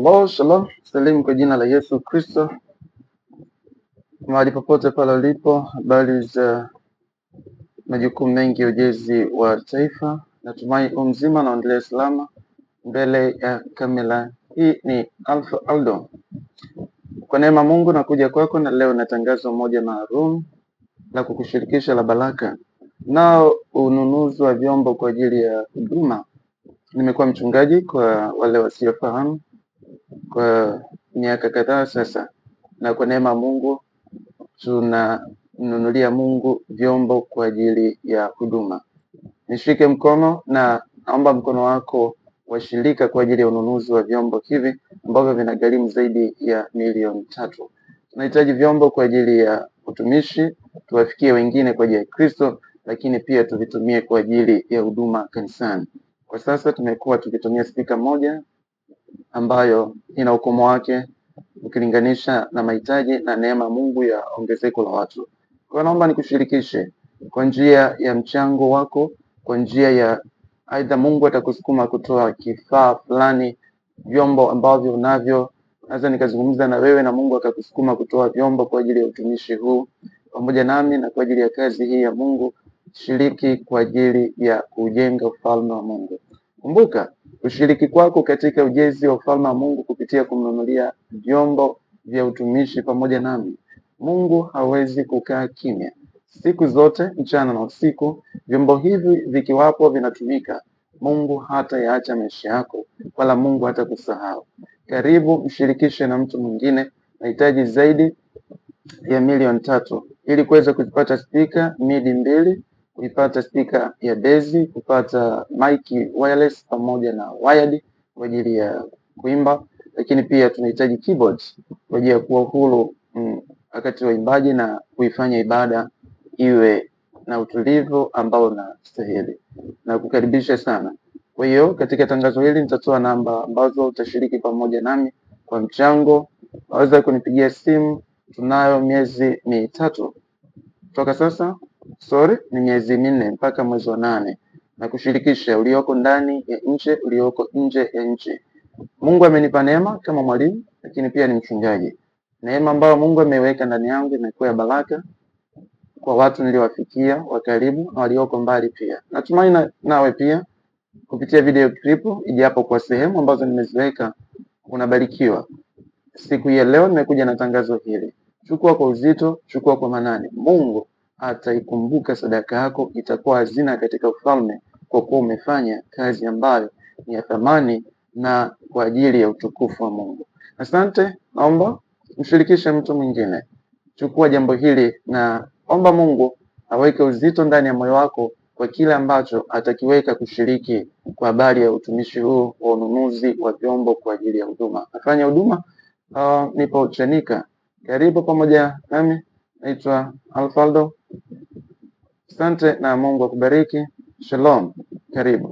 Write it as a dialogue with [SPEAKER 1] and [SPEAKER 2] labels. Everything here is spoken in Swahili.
[SPEAKER 1] Hello, shalom, salimu kwa jina la Yesu Kristo, mahali popote pale ulipo. Habari za majukumu mengi ya ujenzi wa taifa, natumai u mzima naendelea salama mbele ya kamera. Hii ni Alpha Aldo, kwa neema Mungu nakuja kwako, na leo natangazo moja maalum la kukushirikisha la baraka nao ununuzi wa vyombo kwa ajili ya huduma. Nimekuwa mchungaji kwa wale wasiofahamu kwa miaka kadhaa sasa, na kwa neema Mungu tunamnunulia Mungu vyombo kwa ajili ya huduma. Nishike mkono na naomba mkono wako washirika kwa ajili ya ununuzi wa vyombo hivi ambavyo vinagharimu zaidi ya milioni tatu. Tunahitaji vyombo kwa ajili ya utumishi, tuwafikie wengine kwa ajili ya Kristo, lakini pia tuvitumie kwa ajili ya huduma kanisani. Kwa sasa tumekuwa tukitumia spika moja ambayo ina ukomo wake ukilinganisha na mahitaji na neema Mungu ya ongezeko la watu. Kwa naomba nikushirikishe kwa njia ya mchango wako, kwa njia ya aidha Mungu atakusukuma kutoa kifaa fulani, vyombo ambavyo unavyo. Naweza nikazungumza na wewe na Mungu akakusukuma kutoa vyombo kwa ajili ya utumishi huu pamoja nami na kwa ajili ya kazi hii ya Mungu. Shiriki kwa ajili ya kujenga ufalme wa Mungu. Kumbuka ushiriki kwako katika ujenzi wa ufalme wa Mungu kupitia kumnunulia vyombo vya utumishi pamoja nami. Mungu hawezi kukaa kimya siku zote, mchana na usiku. Vyombo hivi vikiwapo vinatumika, Mungu hata yaacha maisha yako, wala Mungu hata kusahau Karibu mshirikishe na mtu mwingine. Nahitaji zaidi ya milioni tatu ili kuweza kupata spika midi mbili kuipata spika ya Dezi, kupata mic wireless pamoja na wired kwa ajili ya kuimba, lakini pia tunahitaji keyboard kwa ajili ya kuwa huru mm, wakati wa imbaji na kuifanya ibada iwe na utulivu ambao na stahili na kukaribisha sana. Kwa hiyo katika tangazo hili nitatoa namba ambazo utashiriki pamoja nami kwa mchango. Waweza kunipigia simu, tunayo miezi mitatu toka sasa sorry, ni miezi minne mpaka mwezi wa nane na kushirikisha ulioko ndani ya nje, ulioko nje ya nje. Mungu amenipa neema kama mwalimu, lakini pia ni mchungaji. Neema ambayo Mungu ameweka ndani yangu imekuwa ya baraka kwa watu niliowafikia wa karibu na walioko mbali pia. Natumai na, nawe pia kupitia video clip ijapo kwa sehemu ambazo nimeziweka unabarikiwa. Siku ya leo nimekuja na tangazo hili, chukua kwa uzito, chukua kwa manani. Mungu ataikumbuka sadaka yako, itakuwa hazina katika ufalme, kwa kuwa umefanya kazi ambayo ni ya thamani na kwa ajili ya utukufu wa Mungu. Asante. Naomba mshirikishe mtu mwingine, chukua jambo hili na omba Mungu aweke uzito ndani ya moyo wako kwa kile ambacho atakiweka kushiriki kwa habari ya utumishi huu wa ununuzi wa vyombo kwa ajili ya huduma. Nafanya huduma uh, nipo Chanika. Karibu pamoja nami, naitwa Alfaldo. Asante na Mungu akubariki. Shalom, karibu.